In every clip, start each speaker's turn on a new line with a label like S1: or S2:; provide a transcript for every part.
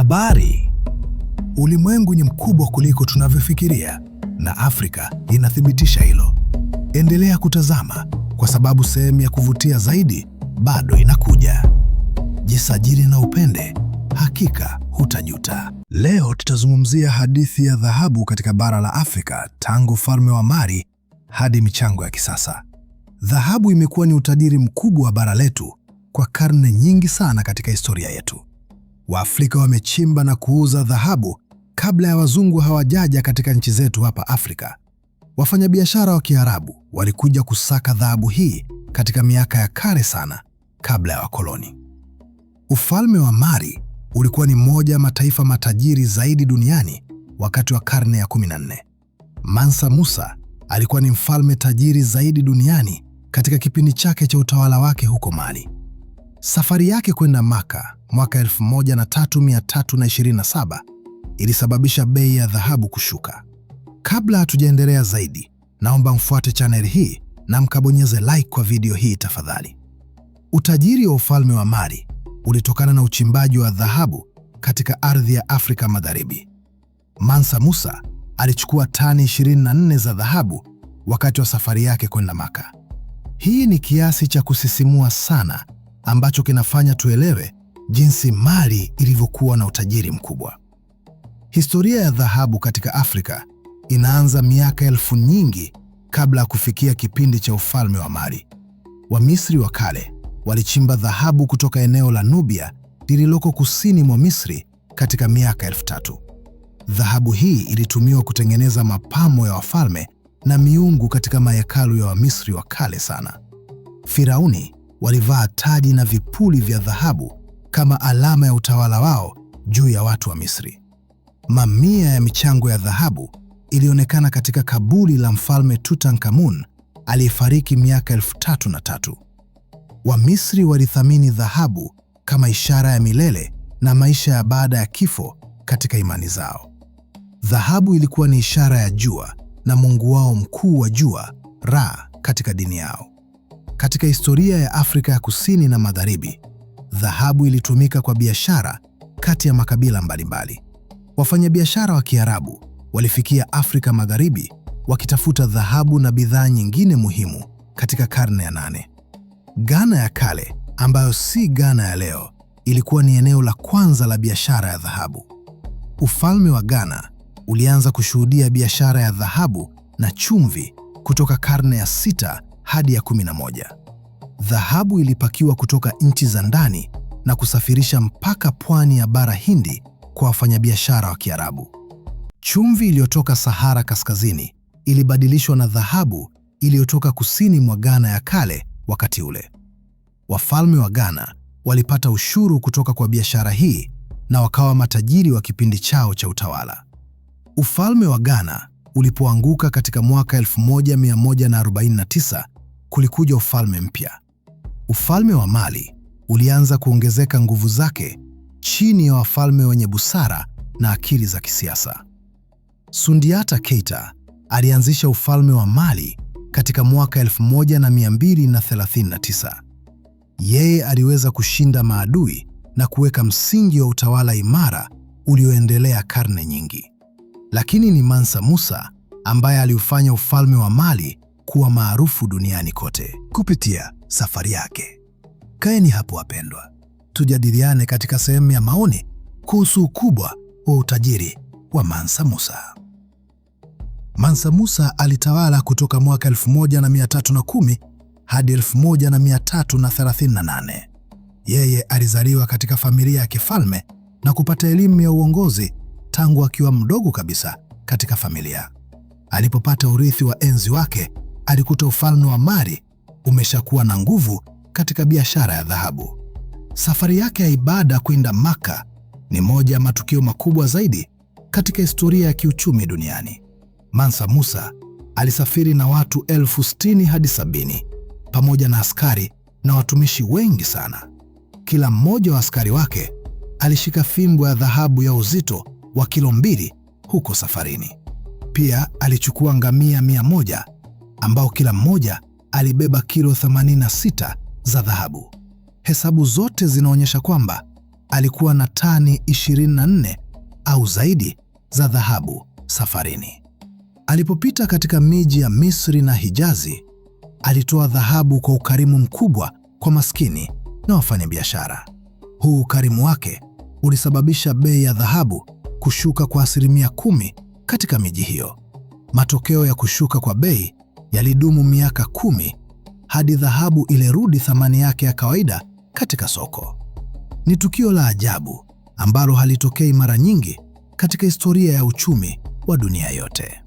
S1: Habari. Ulimwengu ni mkubwa kuliko tunavyofikiria na Afrika inathibitisha hilo. Endelea kutazama kwa sababu sehemu ya kuvutia zaidi bado inakuja. Jisajili na upende, hakika hutajuta. Leo tutazungumzia hadithi ya dhahabu katika bara la Afrika, tangu ufalme wa mari hadi michango ya kisasa. Dhahabu imekuwa ni utajiri mkubwa wa bara letu kwa karne nyingi sana katika historia yetu. Waafrika wamechimba na kuuza dhahabu kabla ya wazungu hawajaja katika nchi zetu hapa Afrika. Wafanyabiashara wa Kiarabu walikuja kusaka dhahabu hii katika miaka ya kale sana kabla ya wakoloni. Ufalme wa Mali ulikuwa ni moja ya mataifa matajiri zaidi duniani wakati wa karne ya 14. Mansa Musa alikuwa ni mfalme tajiri zaidi duniani katika kipindi chake cha utawala wake huko Mali. Safari yake kwenda Maka mwaka 1327 ilisababisha bei ya dhahabu kushuka. Kabla hatujaendelea zaidi, naomba mfuate chaneli hii na mkabonyeze like kwa video hii tafadhali. Utajiri wa ufalme wa Mali ulitokana na uchimbaji wa dhahabu katika ardhi ya Afrika Magharibi. Mansa Musa alichukua tani 24 za dhahabu wakati wa safari yake kwenda Maka. Hii ni kiasi cha kusisimua sana ambacho kinafanya tuelewe jinsi Mali ilivyokuwa na utajiri mkubwa. Historia ya dhahabu katika Afrika inaanza miaka elfu nyingi kabla ya kufikia kipindi cha ufalme wa Mali. Wamisri wa kale walichimba dhahabu kutoka eneo la Nubia lililoko kusini mwa Misri katika miaka elfu tatu. Dhahabu hii ilitumiwa kutengeneza mapambo ya wafalme na miungu katika mahekalu ya Wamisri wa kale sana. Firauni walivaa taji na vipuli vya dhahabu kama alama ya utawala wao juu ya watu wa Misri. Mamia ya michango ya dhahabu ilionekana katika kaburi la Mfalme Tutankhamun aliyefariki miaka elfu tatu na tatu. Wamisri walithamini dhahabu kama ishara ya milele na maisha ya baada ya kifo katika imani zao. Dhahabu ilikuwa ni ishara ya jua na mungu wao mkuu wa jua Ra katika dini yao. Katika historia ya Afrika ya Kusini na Magharibi, dhahabu ilitumika kwa biashara kati ya makabila mbalimbali. Wafanyabiashara wa Kiarabu walifikia Afrika Magharibi wakitafuta dhahabu na bidhaa nyingine muhimu katika karne ya nane. Ghana ya kale, ambayo si Ghana ya leo, ilikuwa ni eneo la kwanza la biashara ya dhahabu. Ufalme wa Ghana ulianza kushuhudia biashara ya dhahabu na chumvi kutoka karne ya sita hadi ya 11. Dhahabu ilipakiwa kutoka nchi za ndani na kusafirisha mpaka pwani ya bara Hindi kwa wafanyabiashara wa Kiarabu. Chumvi iliyotoka Sahara Kaskazini ilibadilishwa na dhahabu iliyotoka kusini mwa Ghana ya kale. Wakati ule wafalme wa Ghana walipata ushuru kutoka kwa biashara hii na wakawa matajiri wa kipindi chao cha utawala. Ufalme wa Ghana ulipoanguka katika mwaka 1149 kulikuja ufalme mpya. Ufalme wa Mali ulianza kuongezeka nguvu zake chini ya wafalme wenye busara na akili za kisiasa. Sundiata Keita alianzisha ufalme wa Mali katika mwaka 1239. Yeye aliweza kushinda maadui na kuweka msingi wa utawala imara ulioendelea karne nyingi. Lakini ni Mansa Musa ambaye aliufanya ufalme wa Mali kuwa maarufu duniani kote kupitia safari yake. Kaeni hapo wapendwa, tujadiliane katika sehemu ya maoni kuhusu ukubwa wa utajiri wa Mansa Musa. Mansa Musa alitawala kutoka mwaka 1310 hadi 1338. Yeye alizaliwa katika familia ya kifalme na kupata elimu ya uongozi tangu akiwa mdogo kabisa katika familia. Alipopata urithi wa enzi wake alikuta ufalme wa Mari umeshakuwa na nguvu katika biashara ya dhahabu. Safari yake ya ibada kwenda Maka ni moja ya matukio makubwa zaidi katika historia ya kiuchumi duniani. Mansa Musa alisafiri na watu elfu sitini hadi sabini pamoja na askari na watumishi wengi sana. Kila mmoja wa askari wake alishika fimbo ya dhahabu ya uzito wa kilo mbili huko safarini. Pia alichukua ngamia mia moja ambao kila mmoja alibeba kilo 86 za dhahabu. Hesabu zote zinaonyesha kwamba alikuwa na tani 24 au zaidi za dhahabu safarini. Alipopita katika miji ya Misri na Hijazi, alitoa dhahabu kwa ukarimu mkubwa kwa maskini na wafanyabiashara. Huu ukarimu wake ulisababisha bei ya dhahabu kushuka kwa asilimia kumi katika miji hiyo. Matokeo ya kushuka kwa bei yalidumu miaka kumi hadi dhahabu ilirudi thamani yake ya kawaida katika soko. Ni tukio la ajabu ambalo halitokei mara nyingi katika historia ya uchumi wa dunia yote.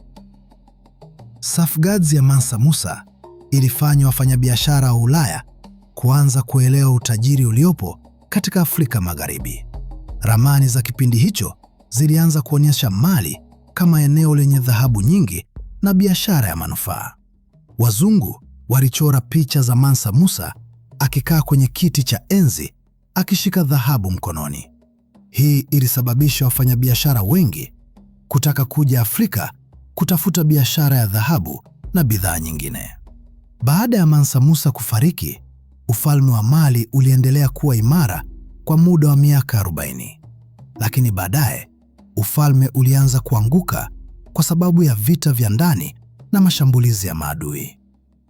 S1: Safeguards ya Mansa Musa ilifanya wafanyabiashara wa Ulaya kuanza kuelewa utajiri uliopo katika Afrika Magharibi. Ramani za kipindi hicho zilianza kuonyesha Mali kama eneo lenye dhahabu nyingi na biashara ya manufaa. Wazungu walichora picha za Mansa Musa akikaa kwenye kiti cha enzi akishika dhahabu mkononi. Hii ilisababisha wafanyabiashara wengi kutaka kuja Afrika kutafuta biashara ya dhahabu na bidhaa nyingine. Baada ya Mansa Musa kufariki, ufalme wa Mali uliendelea kuwa imara kwa muda wa miaka 40. Lakini baadaye ufalme ulianza kuanguka kwa sababu ya vita vya ndani na mashambulizi ya maadui.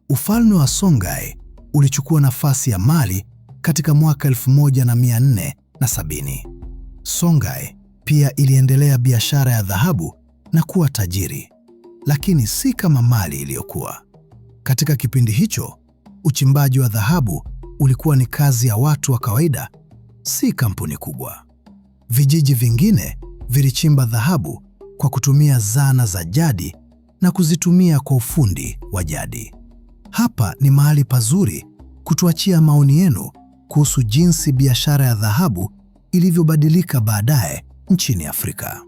S1: Ufalme wa Songhai ulichukua nafasi ya Mali katika mwaka 1470. Songhai pia iliendelea biashara ya dhahabu na kuwa tajiri, lakini si kama Mali iliyokuwa. Katika kipindi hicho, uchimbaji wa dhahabu ulikuwa ni kazi ya watu wa kawaida, si kampuni kubwa. Vijiji vingine vilichimba dhahabu kwa kutumia zana za jadi na kuzitumia kwa ufundi wa jadi. Hapa ni mahali pazuri kutuachia maoni yenu kuhusu jinsi biashara ya dhahabu ilivyobadilika baadaye nchini Afrika.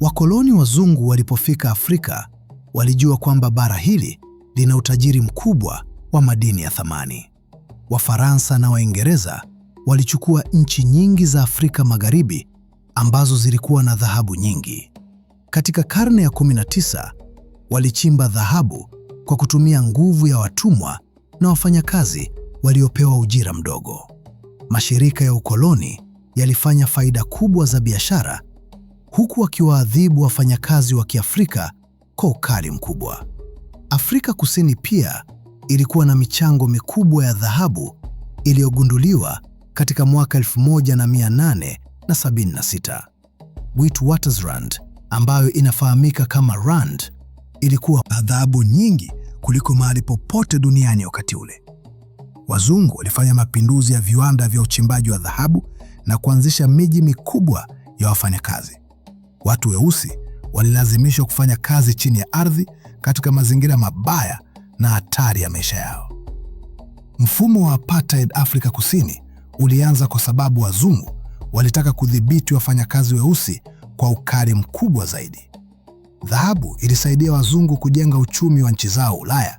S1: Wakoloni wazungu walipofika Afrika, walijua kwamba bara hili lina utajiri mkubwa wa madini ya thamani. Wafaransa na Waingereza walichukua nchi nyingi za Afrika Magharibi ambazo zilikuwa na dhahabu nyingi. Katika karne ya 19 walichimba dhahabu kwa kutumia nguvu ya watumwa na wafanyakazi waliopewa ujira mdogo. Mashirika ya ukoloni yalifanya faida kubwa za biashara huku wakiwaadhibu wafanyakazi wa Kiafrika kwa ukali mkubwa. Afrika Kusini pia ilikuwa na michango mikubwa ya dhahabu iliyogunduliwa katika mwaka 1876. Witwatersrand ambayo inafahamika kama Rand ilikuwa adhabu nyingi kuliko mahali popote duniani wakati ule. Wazungu walifanya mapinduzi ya viwanda vya uchimbaji wa dhahabu na kuanzisha miji mikubwa ya wafanyakazi. Watu weusi walilazimishwa kufanya kazi chini ya ardhi katika mazingira mabaya na hatari ya maisha yao. Mfumo wa apartheid Afrika Kusini ulianza kwa sababu wazungu walitaka kudhibiti wafanyakazi weusi kwa ukali mkubwa zaidi. Dhahabu ilisaidia wazungu kujenga uchumi wa nchi zao Ulaya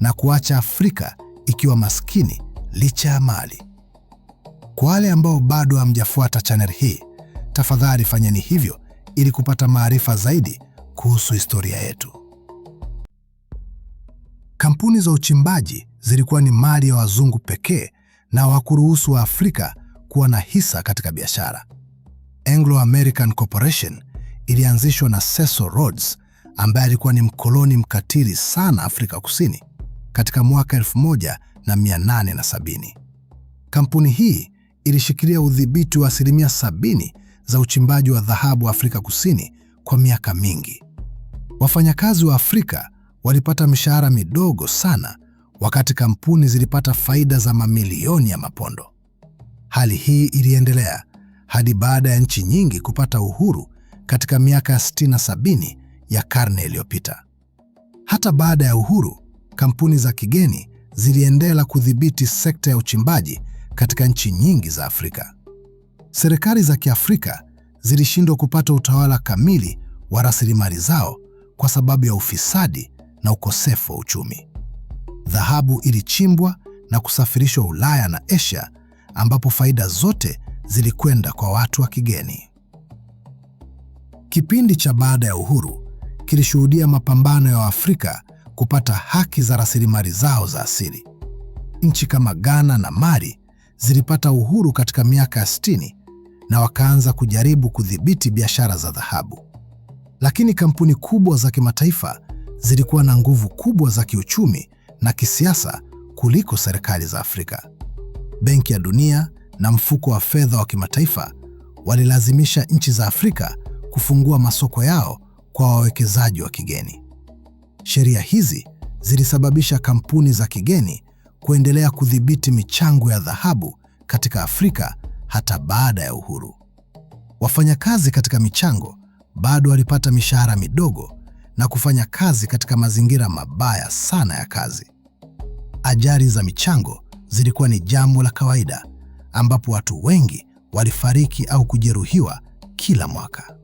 S1: na kuacha Afrika ikiwa maskini licha ya mali. Kwa wale ambao bado hamjafuata channel hii, tafadhali fanyeni hivyo ili kupata maarifa zaidi kuhusu historia yetu. Kampuni za uchimbaji zilikuwa ni mali ya wazungu pekee na hawakuruhusu Waafrika kuwa na hisa katika biashara. Anglo American Corporation ilianzishwa na Cecil Rhodes ambaye alikuwa ni mkoloni mkatili sana Afrika Kusini katika mwaka 1870. Kampuni hii ilishikilia udhibiti wa asilimia 70 za uchimbaji wa dhahabu Afrika Kusini kwa miaka mingi. Wafanyakazi wa Afrika walipata mishahara midogo sana, wakati kampuni zilipata faida za mamilioni ya mapondo. Hali hii iliendelea hadi baada ya nchi nyingi kupata uhuru katika miaka 60 na 70 ya karne iliyopita. Hata baada ya uhuru, kampuni za kigeni ziliendelea kudhibiti sekta ya uchimbaji katika nchi nyingi za Afrika. Serikali za Kiafrika zilishindwa kupata utawala kamili wa rasilimali zao kwa sababu ya ufisadi na ukosefu wa uchumi. Dhahabu ilichimbwa na kusafirishwa Ulaya na Asia ambapo faida zote zilikwenda kwa watu wa kigeni. Kipindi cha baada ya uhuru kilishuhudia mapambano ya Waafrika kupata haki za rasilimali zao za asili. Nchi kama Ghana na Mali zilipata uhuru katika miaka ya 60 na wakaanza kujaribu kudhibiti biashara za dhahabu. Lakini kampuni kubwa za kimataifa zilikuwa na nguvu kubwa za kiuchumi na kisiasa kuliko serikali za Afrika. Benki ya Dunia na mfuko wa fedha wa kimataifa walilazimisha nchi za Afrika kufungua masoko yao kwa wawekezaji wa kigeni. Sheria hizi zilisababisha kampuni za kigeni kuendelea kudhibiti michango ya dhahabu katika Afrika hata baada ya uhuru. Wafanyakazi katika michango bado walipata mishahara midogo na kufanya kazi katika mazingira mabaya sana ya kazi. Ajali za michango zilikuwa ni jambo la kawaida ambapo watu wengi walifariki au kujeruhiwa kila mwaka.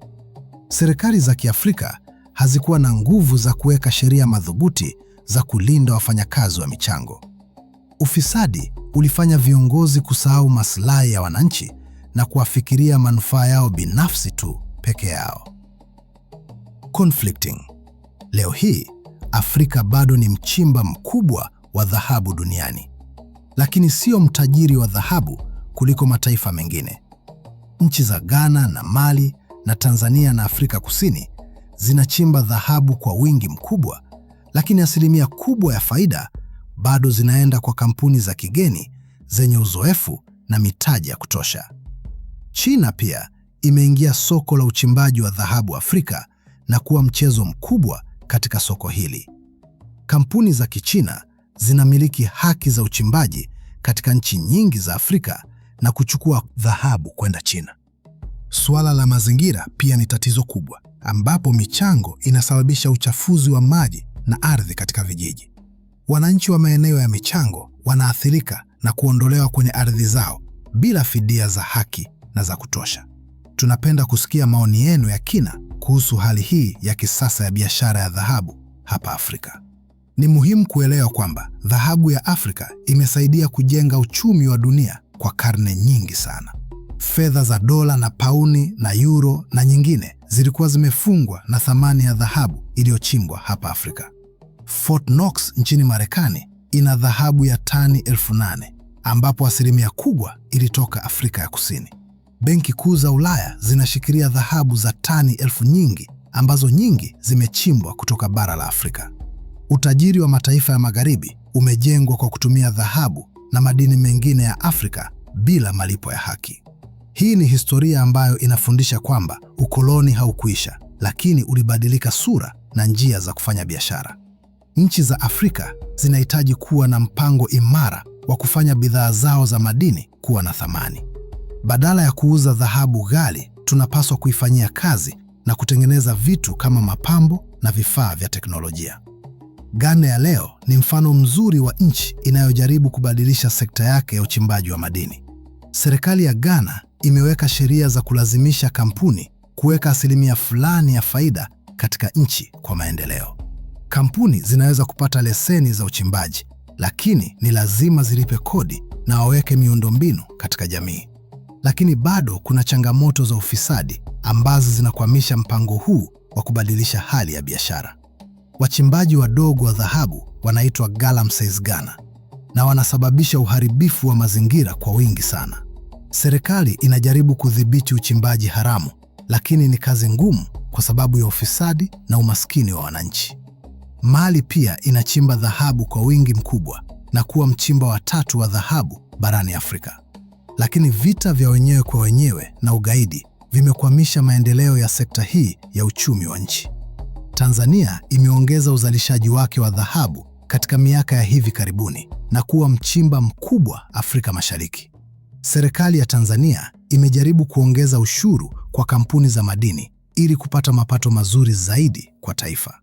S1: Serikali za Kiafrika hazikuwa na nguvu za kuweka sheria madhubuti za kulinda wafanyakazi wa michango. Ufisadi ulifanya viongozi kusahau maslahi ya wananchi na kuwafikiria manufaa yao binafsi tu peke yao. Conflicting. Leo hii Afrika bado ni mchimba mkubwa wa dhahabu duniani, lakini sio mtajiri wa dhahabu kuliko mataifa mengine. Nchi za Ghana na Mali na Tanzania na Afrika Kusini zinachimba dhahabu kwa wingi mkubwa, lakini asilimia kubwa ya faida bado zinaenda kwa kampuni za kigeni zenye uzoefu na mitaji ya kutosha. China pia imeingia soko la uchimbaji wa dhahabu Afrika na kuwa mchezo mkubwa katika soko hili. Kampuni za Kichina zinamiliki haki za uchimbaji katika nchi nyingi za Afrika na kuchukua dhahabu kwenda China. Suala la mazingira pia ni tatizo kubwa, ambapo michango inasababisha uchafuzi wa maji na ardhi katika vijiji. Wananchi wa maeneo ya michango wanaathirika na kuondolewa kwenye ardhi zao bila fidia za haki na za kutosha. Tunapenda kusikia maoni yenu ya kina kuhusu hali hii ya kisasa ya biashara ya dhahabu hapa Afrika. Ni muhimu kuelewa kwamba dhahabu ya Afrika imesaidia kujenga uchumi wa dunia kwa karne nyingi sana. Fedha za dola na pauni na yuro na nyingine zilikuwa zimefungwa na thamani ya dhahabu iliyochimbwa hapa Afrika. Fort Knox nchini Marekani ina dhahabu ya tani elfu nane ambapo asilimia kubwa ilitoka Afrika ya Kusini. Benki kuu za Ulaya zinashikilia dhahabu za tani elfu nyingi ambazo nyingi zimechimbwa kutoka bara la Afrika. Utajiri wa mataifa ya Magharibi umejengwa kwa kutumia dhahabu na madini mengine ya Afrika bila malipo ya haki. Hii ni historia ambayo inafundisha kwamba ukoloni haukuisha, lakini ulibadilika sura na njia za kufanya biashara. Nchi za Afrika zinahitaji kuwa na mpango imara wa kufanya bidhaa zao za madini kuwa na thamani. Badala ya kuuza dhahabu ghali, tunapaswa kuifanyia kazi na kutengeneza vitu kama mapambo na vifaa vya teknolojia. Ghana ya leo ni mfano mzuri wa nchi inayojaribu kubadilisha sekta yake ya uchimbaji wa madini. Serikali ya Ghana imeweka sheria za kulazimisha kampuni kuweka asilimia fulani ya faida katika nchi kwa maendeleo. Kampuni zinaweza kupata leseni za uchimbaji, lakini ni lazima zilipe kodi na waweke miundombinu katika jamii. Lakini bado kuna changamoto za ufisadi ambazo zinakwamisha mpango huu wa kubadilisha hali ya biashara. Wachimbaji wadogo wa dhahabu wanaitwa galamsey Ghana na wanasababisha uharibifu wa mazingira kwa wingi sana. Serikali inajaribu kudhibiti uchimbaji haramu, lakini ni kazi ngumu kwa sababu ya ufisadi na umaskini wa wananchi. Mali pia inachimba dhahabu kwa wingi mkubwa na kuwa mchimba wa tatu wa dhahabu barani Afrika. Lakini vita vya wenyewe kwa wenyewe na ugaidi vimekwamisha maendeleo ya sekta hii ya uchumi wa nchi. Tanzania imeongeza uzalishaji wake wa dhahabu katika miaka ya hivi karibuni na kuwa mchimba mkubwa Afrika Mashariki. Serikali ya Tanzania imejaribu kuongeza ushuru kwa kampuni za madini ili kupata mapato mazuri zaidi kwa taifa.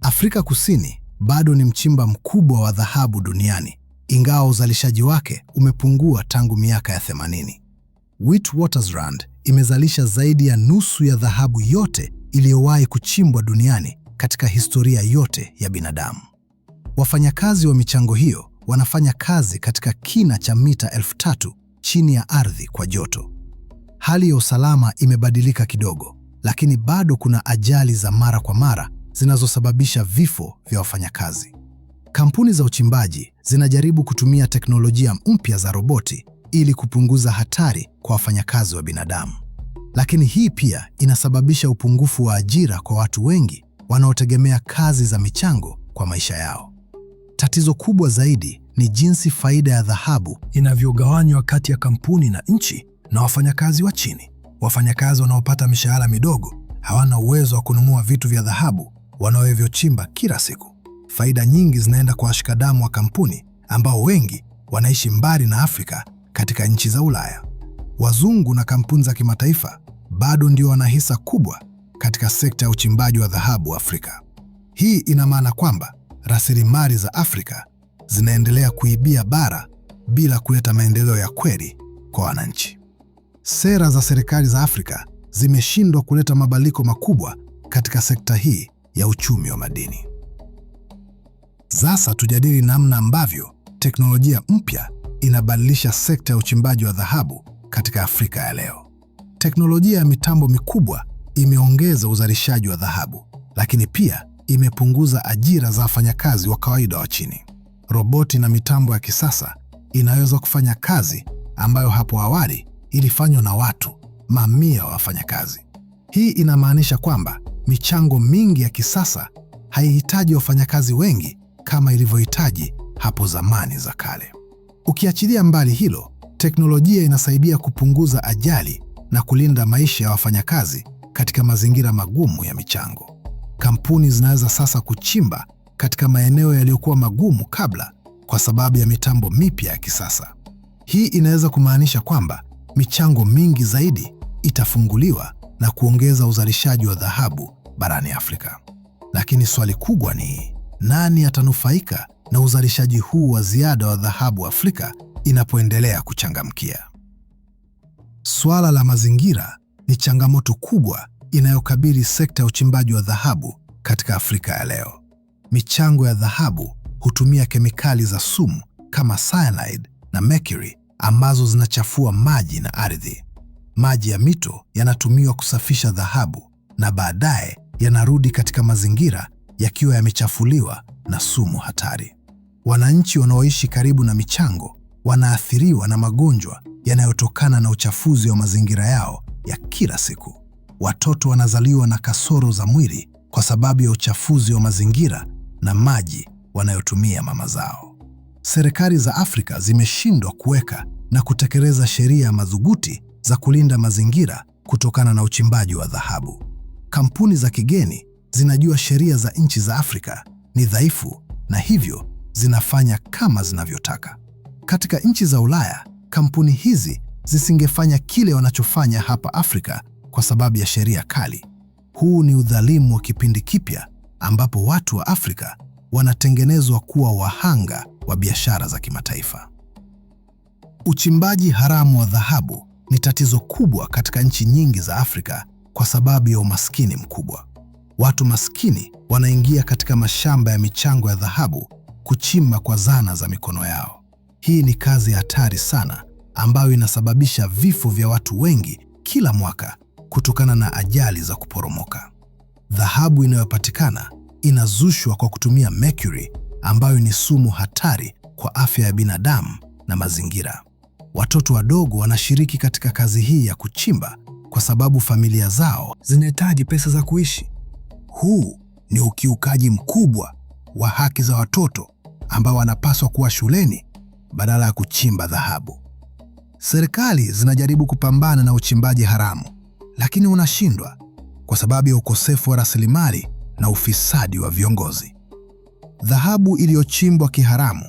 S1: Afrika Kusini bado ni mchimba mkubwa wa dhahabu duniani, ingawa uzalishaji wake umepungua tangu miaka ya 80. Witwatersrand imezalisha zaidi ya nusu ya dhahabu yote iliyowahi kuchimbwa duniani katika historia yote ya binadamu. Wafanyakazi wa michango hiyo wanafanya kazi katika kina cha mita elfu tatu chini ya ardhi kwa joto. Hali ya usalama imebadilika kidogo, lakini bado kuna ajali za mara kwa mara zinazosababisha vifo vya wafanyakazi. Kampuni za uchimbaji zinajaribu kutumia teknolojia mpya za roboti ili kupunguza hatari kwa wafanyakazi wa binadamu. Lakini hii pia inasababisha upungufu wa ajira kwa watu wengi wanaotegemea kazi za michango kwa maisha yao. Tatizo kubwa zaidi ni jinsi faida ya dhahabu inavyogawanywa kati ya kampuni na nchi na wafanyakazi wa chini. Wafanyakazi wanaopata mishahara midogo hawana uwezo wa kununua vitu vya dhahabu wanavyochimba kila siku. Faida nyingi zinaenda kwa washikadamu wa kampuni ambao wengi wanaishi mbali na Afrika katika nchi za Ulaya wazungu na kampuni za kimataifa bado ndio wana hisa kubwa katika sekta ya uchimbaji wa dhahabu Afrika. Hii ina maana kwamba rasilimali za Afrika zinaendelea kuibia bara bila kuleta maendeleo ya kweli kwa wananchi. Sera za serikali za Afrika zimeshindwa kuleta mabadiliko makubwa katika sekta hii ya uchumi wa madini. Sasa tujadili namna ambavyo teknolojia mpya inabadilisha sekta ya uchimbaji wa dhahabu katika Afrika ya leo. Teknolojia ya mitambo mikubwa imeongeza uzalishaji wa dhahabu, lakini pia imepunguza ajira za wafanyakazi wa kawaida wa chini. Roboti na mitambo ya kisasa inaweza kufanya kazi ambayo hapo awali ilifanywa na watu mamia wa wafanyakazi. Hii inamaanisha kwamba michango mingi ya kisasa haihitaji wafanyakazi wengi kama ilivyohitaji hapo zamani za kale. Ukiachilia mbali hilo, Teknolojia inasaidia kupunguza ajali na kulinda maisha ya wafanyakazi katika mazingira magumu ya michango. Kampuni zinaweza sasa kuchimba katika maeneo yaliyokuwa magumu kabla kwa sababu ya mitambo mipya ya kisasa. Hii inaweza kumaanisha kwamba michango mingi zaidi itafunguliwa na kuongeza uzalishaji wa dhahabu barani Afrika. Lakini swali kubwa ni nani atanufaika na uzalishaji huu wa ziada wa dhahabu Afrika inapoendelea kuchangamkia. Swala la mazingira ni changamoto kubwa inayokabili sekta ya uchimbaji wa dhahabu katika Afrika ya leo. Michango ya dhahabu hutumia kemikali za sumu kama cyanide na mercury ambazo zinachafua maji na ardhi. Maji ya mito yanatumiwa kusafisha dhahabu na baadaye yanarudi katika mazingira yakiwa yamechafuliwa na sumu hatari. Wananchi wanaoishi karibu na michango wanaathiriwa na magonjwa yanayotokana na uchafuzi wa mazingira yao ya kila siku. Watoto wanazaliwa na kasoro za mwili kwa sababu ya uchafuzi wa mazingira na maji wanayotumia mama zao. Serikali za Afrika zimeshindwa kuweka na kutekeleza sheria madhubuti za kulinda mazingira kutokana na uchimbaji wa dhahabu. Kampuni za kigeni zinajua sheria za nchi za Afrika ni dhaifu na hivyo zinafanya kama zinavyotaka. Katika nchi za Ulaya, kampuni hizi zisingefanya kile wanachofanya hapa Afrika kwa sababu ya sheria kali. Huu ni udhalimu wa kipindi kipya ambapo watu wa Afrika wanatengenezwa kuwa wahanga wa biashara za kimataifa. Uchimbaji haramu wa dhahabu ni tatizo kubwa katika nchi nyingi za Afrika kwa sababu ya umaskini mkubwa. Watu maskini wanaingia katika mashamba ya michango ya dhahabu kuchimba kwa zana za mikono yao. Hii ni kazi hatari sana ambayo inasababisha vifo vya watu wengi kila mwaka kutokana na ajali za kuporomoka. Dhahabu inayopatikana inazushwa kwa kutumia mercury ambayo ni sumu hatari kwa afya ya binadamu na mazingira. Watoto wadogo wanashiriki katika kazi hii ya kuchimba kwa sababu familia zao zinahitaji pesa za kuishi. Huu ni ukiukaji mkubwa wa haki za watoto ambao wanapaswa kuwa shuleni badala ya kuchimba dhahabu. Serikali zinajaribu kupambana na uchimbaji haramu, lakini unashindwa kwa sababu ya ukosefu wa rasilimali na ufisadi wa viongozi. Dhahabu iliyochimbwa kiharamu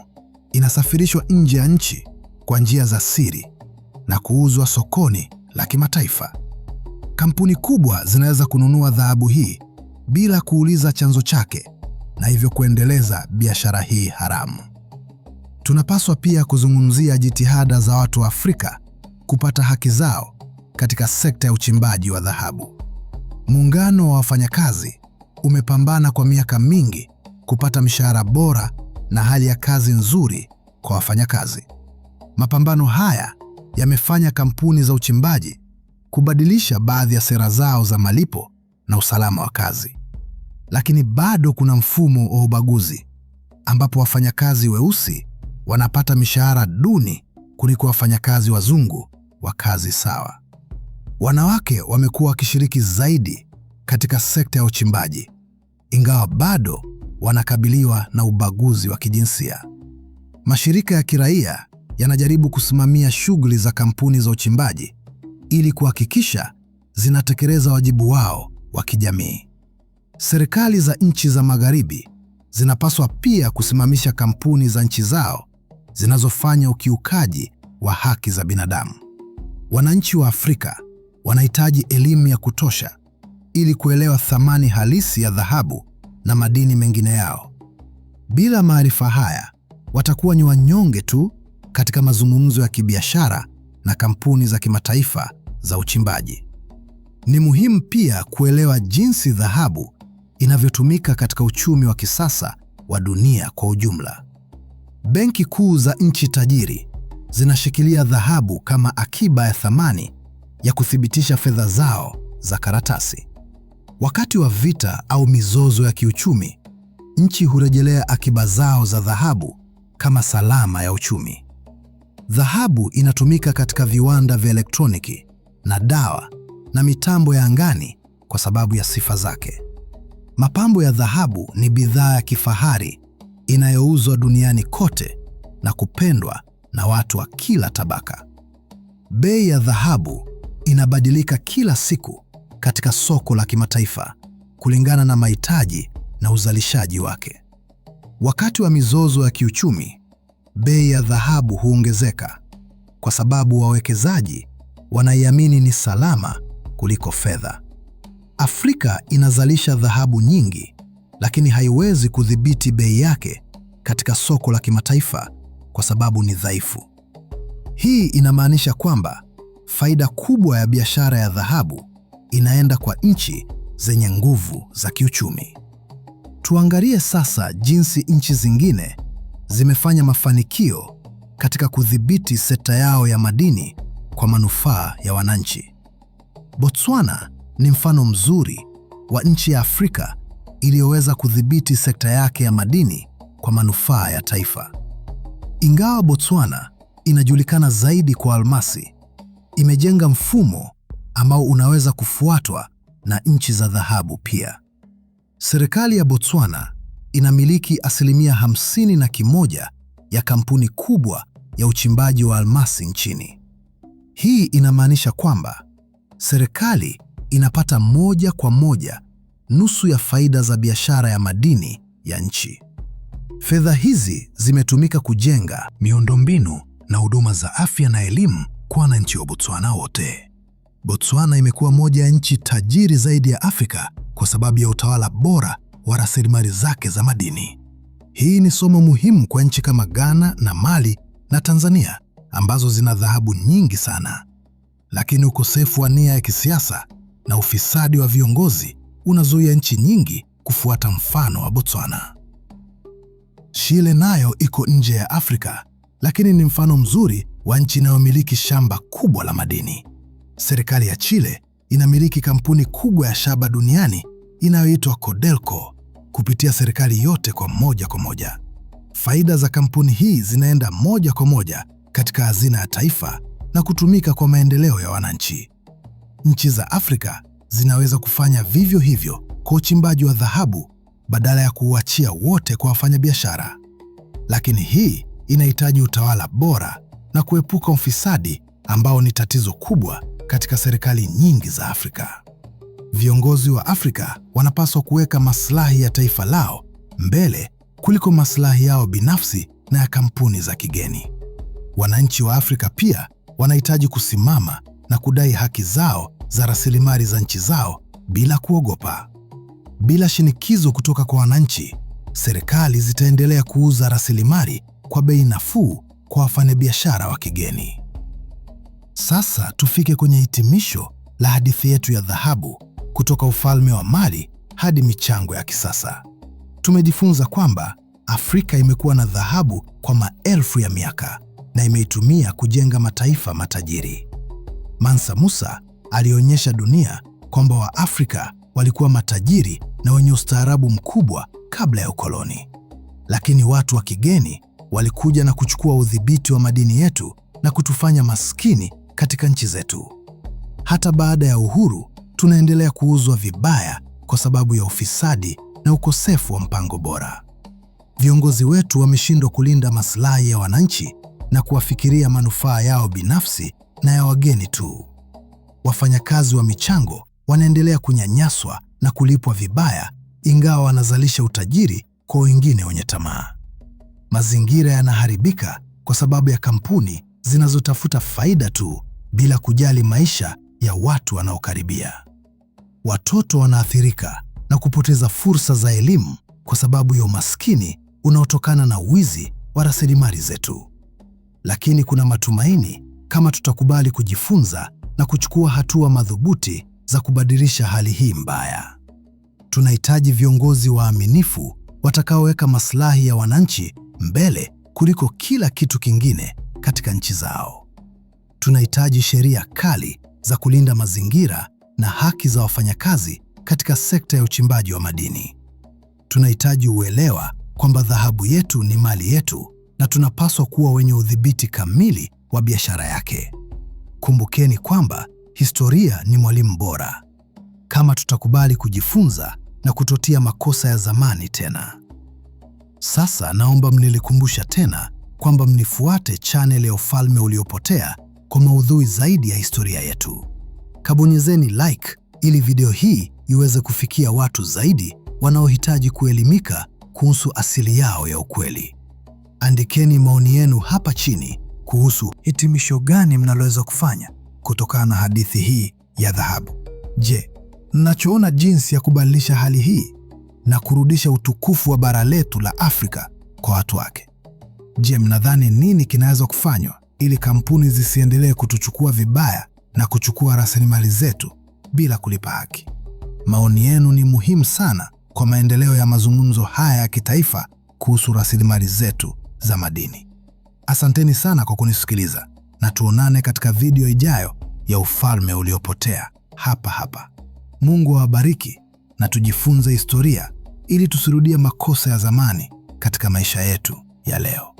S1: inasafirishwa nje ya nchi kwa njia za siri na kuuzwa sokoni la kimataifa. Kampuni kubwa zinaweza kununua dhahabu hii bila kuuliza chanzo chake na hivyo kuendeleza biashara hii haramu. Tunapaswa pia kuzungumzia jitihada za watu wa Afrika kupata haki zao katika sekta ya uchimbaji wa dhahabu. Muungano wa wafanyakazi umepambana kwa miaka mingi kupata mishahara bora na hali ya kazi nzuri kwa wafanyakazi. Mapambano haya yamefanya kampuni za uchimbaji kubadilisha baadhi ya sera zao za malipo na usalama wa kazi. Lakini bado kuna mfumo wa ubaguzi ambapo wafanyakazi weusi wanapata mishahara duni kuliko wafanyakazi wazungu wa kazi sawa. Wanawake wamekuwa wakishiriki zaidi katika sekta ya uchimbaji, ingawa bado wanakabiliwa na ubaguzi wa kijinsia. Mashirika ya kiraia yanajaribu kusimamia shughuli za kampuni za uchimbaji ili kuhakikisha zinatekeleza wajibu wao wa kijamii. Serikali za nchi za Magharibi zinapaswa pia kusimamisha kampuni za nchi zao zinazofanya ukiukaji wa haki za binadamu. Wananchi wa Afrika wanahitaji elimu ya kutosha ili kuelewa thamani halisi ya dhahabu na madini mengine yao. Bila maarifa haya, watakuwa ni wanyonge tu katika mazungumzo ya kibiashara na kampuni za kimataifa za uchimbaji. Ni muhimu pia kuelewa jinsi dhahabu inavyotumika katika uchumi wa kisasa wa dunia kwa ujumla. Benki kuu za nchi tajiri zinashikilia dhahabu kama akiba ya thamani ya kuthibitisha fedha zao za karatasi. Wakati wa vita au mizozo ya kiuchumi, nchi hurejelea akiba zao za dhahabu kama salama ya uchumi. Dhahabu inatumika katika viwanda vya elektroniki na dawa na mitambo ya angani kwa sababu ya sifa zake. Mapambo ya dhahabu ni bidhaa ya kifahari inayouzwa duniani kote na kupendwa na watu wa kila tabaka. Bei ya dhahabu inabadilika kila siku katika soko la kimataifa kulingana na mahitaji na uzalishaji wake. Wakati wa mizozo ya kiuchumi, bei ya dhahabu huongezeka kwa sababu wawekezaji wanaiamini ni salama kuliko fedha. Afrika inazalisha dhahabu nyingi lakini haiwezi kudhibiti bei yake katika soko la kimataifa kwa sababu ni dhaifu. Hii inamaanisha kwamba faida kubwa ya biashara ya dhahabu inaenda kwa nchi zenye nguvu za kiuchumi. Tuangalie sasa jinsi nchi zingine zimefanya mafanikio katika kudhibiti sekta yao ya madini kwa manufaa ya wananchi. Botswana ni mfano mzuri wa nchi ya Afrika iliyoweza kudhibiti sekta yake ya madini kwa manufaa ya taifa. Ingawa Botswana inajulikana zaidi kwa almasi, imejenga mfumo ambao unaweza kufuatwa na nchi za dhahabu pia. Serikali ya Botswana inamiliki asilimia hamsini na kimoja ya kampuni kubwa ya uchimbaji wa almasi nchini. Hii inamaanisha kwamba serikali inapata moja kwa moja nusu ya faida za biashara ya madini ya nchi. Fedha hizi zimetumika kujenga miundombinu na huduma za afya na elimu kwa wananchi wa Botswana wote. Botswana imekuwa moja ya nchi tajiri zaidi ya Afrika kwa sababu ya utawala bora wa rasilimali zake za madini. Hii ni somo muhimu kwa nchi kama Ghana na Mali na Tanzania ambazo zina dhahabu nyingi sana. Lakini ukosefu wa nia ya kisiasa na ufisadi wa viongozi unazuia nchi nyingi kufuata mfano wa Botswana. Chile nayo iko nje ya Afrika, lakini ni mfano mzuri wa nchi inayomiliki shamba kubwa la madini. Serikali ya Chile inamiliki kampuni kubwa ya shaba duniani inayoitwa Codelco kupitia serikali yote kwa moja kwa moja. Faida za kampuni hii zinaenda moja kwa moja katika hazina ya taifa na kutumika kwa maendeleo ya wananchi. Nchi za Afrika zinaweza kufanya vivyo hivyo kwa uchimbaji wa dhahabu badala ya kuuachia wote kwa wafanyabiashara. Lakini hii inahitaji utawala bora na kuepuka ufisadi ambao ni tatizo kubwa katika serikali nyingi za Afrika. Viongozi wa Afrika wanapaswa kuweka maslahi ya taifa lao mbele kuliko maslahi yao binafsi na ya kampuni za kigeni. Wananchi wa Afrika pia wanahitaji kusimama na kudai haki zao za rasilimali za nchi zao bila kuogopa. Bila shinikizo kutoka kwa wananchi, serikali zitaendelea kuuza rasilimali kwa bei nafuu kwa wafanyabiashara wa kigeni. Sasa tufike kwenye hitimisho la hadithi yetu ya dhahabu, kutoka ufalme wa mali hadi michango ya kisasa. Tumejifunza kwamba Afrika imekuwa na dhahabu kwa maelfu ya miaka na imeitumia kujenga mataifa matajiri. Mansa Musa alionyesha dunia kwamba Waafrika walikuwa matajiri na wenye ustaarabu mkubwa kabla ya ukoloni, lakini watu wa kigeni walikuja na kuchukua udhibiti wa madini yetu na kutufanya maskini katika nchi zetu. Hata baada ya uhuru, tunaendelea kuuzwa vibaya kwa sababu ya ufisadi na ukosefu wa mpango bora. Viongozi wetu wameshindwa kulinda maslahi ya wananchi na kuwafikiria manufaa yao binafsi na ya wageni tu wafanyakazi wa michango wanaendelea kunyanyaswa na kulipwa vibaya, ingawa wanazalisha utajiri kwa wengine wenye tamaa. Mazingira yanaharibika kwa sababu ya kampuni zinazotafuta faida tu bila kujali maisha ya watu wanaokaribia. Watoto wanaathirika na kupoteza fursa za elimu kwa sababu ya umaskini unaotokana na wizi wa rasilimali zetu. Lakini kuna matumaini kama tutakubali kujifunza na kuchukua hatua madhubuti za kubadilisha hali hii mbaya. Tunahitaji viongozi waaminifu watakaoweka maslahi ya wananchi mbele kuliko kila kitu kingine katika nchi zao. Tunahitaji sheria kali za kulinda mazingira na haki za wafanyakazi katika sekta ya uchimbaji wa madini. Tunahitaji uelewa kwamba dhahabu yetu ni mali yetu na tunapaswa kuwa wenye udhibiti kamili wa biashara yake. Kumbukeni kwamba historia ni mwalimu bora, kama tutakubali kujifunza na kutotia makosa ya zamani tena. Sasa naomba mnilikumbusha tena kwamba mnifuate channel ya Ufalme Uliopotea kwa maudhui zaidi ya historia yetu. Kabonyezeni like ili video hii iweze kufikia watu zaidi wanaohitaji kuelimika kuhusu asili yao ya ukweli. Andikeni maoni yenu hapa chini kuhusu hitimisho gani mnaloweza kufanya kutokana na hadithi hii ya dhahabu. Je, mnachoona jinsi ya kubadilisha hali hii na kurudisha utukufu wa bara letu la Afrika kwa watu wake? Je, mnadhani nini kinaweza kufanywa ili kampuni zisiendelee kutuchukua vibaya na kuchukua rasilimali zetu bila kulipa haki? Maoni yenu ni muhimu sana kwa maendeleo ya mazungumzo haya ya kitaifa kuhusu rasilimali zetu za madini. Asanteni sana kwa kunisikiliza na tuonane katika video ijayo ya Ufalme Uliopotea hapa hapa. Mungu awabariki na tujifunze historia ili tusirudie makosa ya zamani katika maisha yetu ya leo.